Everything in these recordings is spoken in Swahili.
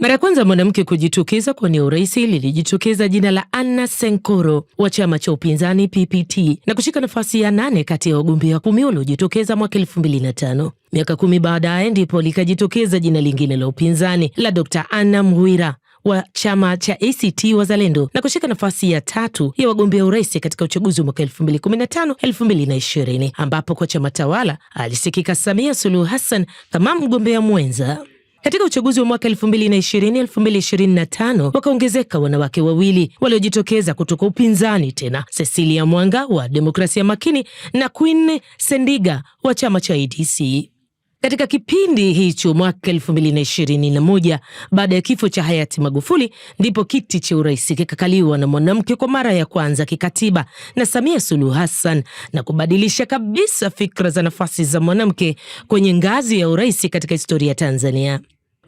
Mara ya kwanza mwanamke kujitokeza kuwania urais lilijitokeza jina la Anna Senkoro wa chama cha upinzani PPT na kushika nafasi ya nane kati ya wagombea kumi waliojitokeza mwaka tano. Miaka kumi baadaye ndipo likajitokeza jina lingine la upinzani la Dr. Anna Mghwira wa chama cha ACT Wazalendo na kushika nafasi ya tatu ya wagombea urais katika uchaguzi wa mwaka 2015 2020, ambapo kwa chama tawala alisikika Samia Suluhu Hassan kama mgombea mwenza. Katika uchaguzi wa mwaka 2020 2025 wakaongezeka wanawake wawili waliojitokeza kutoka upinzani tena, Cecilia Mwanga wa Demokrasia Makini na Queen Sendiga wa chama cha ADC. Katika kipindi hicho mwaka 2021 baada ya kifo cha hayati Magufuli, ndipo kiti cha urais kikakaliwa na mwanamke kwa mara ya kwanza kikatiba na Samia Suluhu Hassan na kubadilisha kabisa fikra za nafasi za mwanamke kwenye ngazi ya urais katika historia ya Tanzania.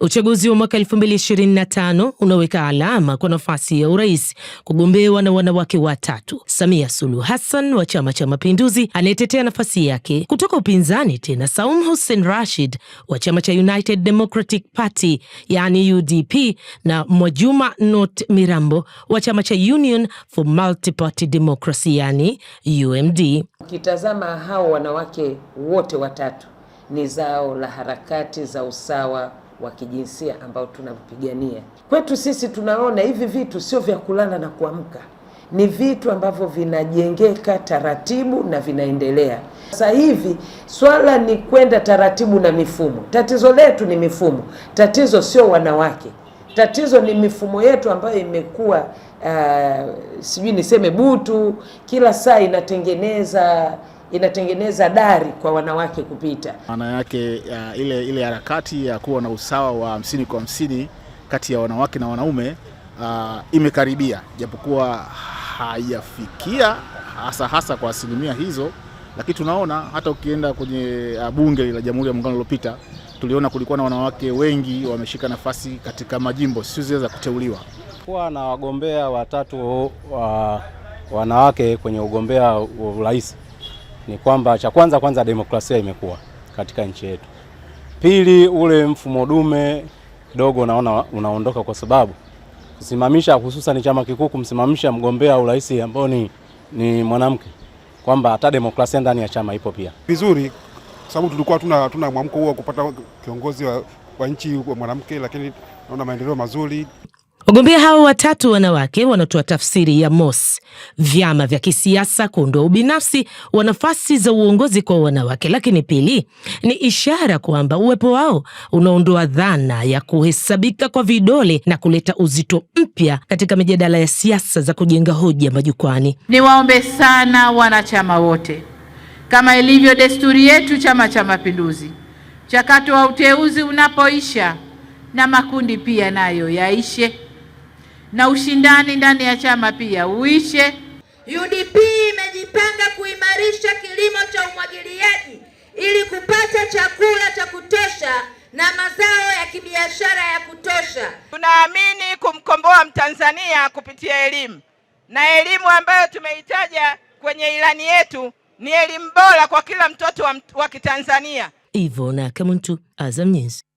Uchaguzi wa mwaka 2025 unaweka alama kwa nafasi ya urais kugombewa na wanawake watatu. Samia Suluhu Hassan wa Chama cha Mapinduzi anayetetea nafasi yake kutoka upinzani tena, Saum Hussein Rashid wa chama cha United Democratic Party yani UDP, na Mwajuma Not Mirambo wa chama cha Union for Multiparty Democracy yani UMD. Ukitazama hao wanawake wote watatu ni zao la harakati za usawa wa kijinsia ambao tunavipigania. Kwetu sisi tunaona hivi vitu sio vya kulala na kuamka, ni vitu ambavyo vinajengeka taratibu na vinaendelea. Sasa hivi swala ni kwenda taratibu na mifumo. Tatizo letu ni mifumo, tatizo sio wanawake, tatizo ni mifumo yetu ambayo imekuwa uh, sijui niseme butu, kila saa inatengeneza inatengeneza dari kwa wanawake kupita. Maana yake ya uh, ile ile harakati ya kuwa na usawa wa hamsini kwa hamsini kati ya wanawake na wanaume uh, imekaribia, japokuwa haijafikia hasa hasa kwa asilimia hizo, lakini tunaona hata ukienda kwenye uh, bunge la Jamhuri ya Muungano uliopita tuliona kulikuwa na wanawake wengi wameshika nafasi katika majimbo, sio zile za kuteuliwa. Kuwa na wagombea watatu wa uh, wanawake kwenye ugombea wa urais ni kwamba cha kwanza kwanza demokrasia imekuwa katika nchi yetu. Pili, ule mfumo dume kidogo naona unaondoka kwa sababu kusimamisha hususan chama kikuu kumsimamisha mgombea urais ambao ni, ni mwanamke kwamba hata demokrasia ndani ya chama ipo pia vizuri, kwa sababu tulikuwa tuna tuna mwamko huo kupata kiongozi wa, wa nchi wa mwanamke, lakini naona maendeleo mazuri. Wagombea hao watatu wanawake wanatoa tafsiri ya mos vyama vya kisiasa kuondoa ubinafsi wa nafasi za uongozi kwa wanawake, lakini pili, ni ishara kwamba uwepo wao unaondoa dhana ya kuhesabika kwa vidole na kuleta uzito mpya katika mijadala ya siasa za kujenga hoja majukwani. Niwaombe sana wanachama wote, kama ilivyo desturi yetu Chama cha Mapinduzi, mchakato wa uteuzi unapoisha na makundi pia nayo yaishe na ushindani ndani ya chama pia uishe. UDP imejipanga kuimarisha kilimo cha umwagiliaji ili kupata chakula cha kutosha na mazao ya kibiashara ya kutosha. Tunaamini kumkomboa Mtanzania kupitia elimu, na elimu ambayo tumeitaja kwenye ilani yetu ni elimu bora kwa kila mtoto wa, wa Kitanzania. Ivona Kamuntu, Azam News.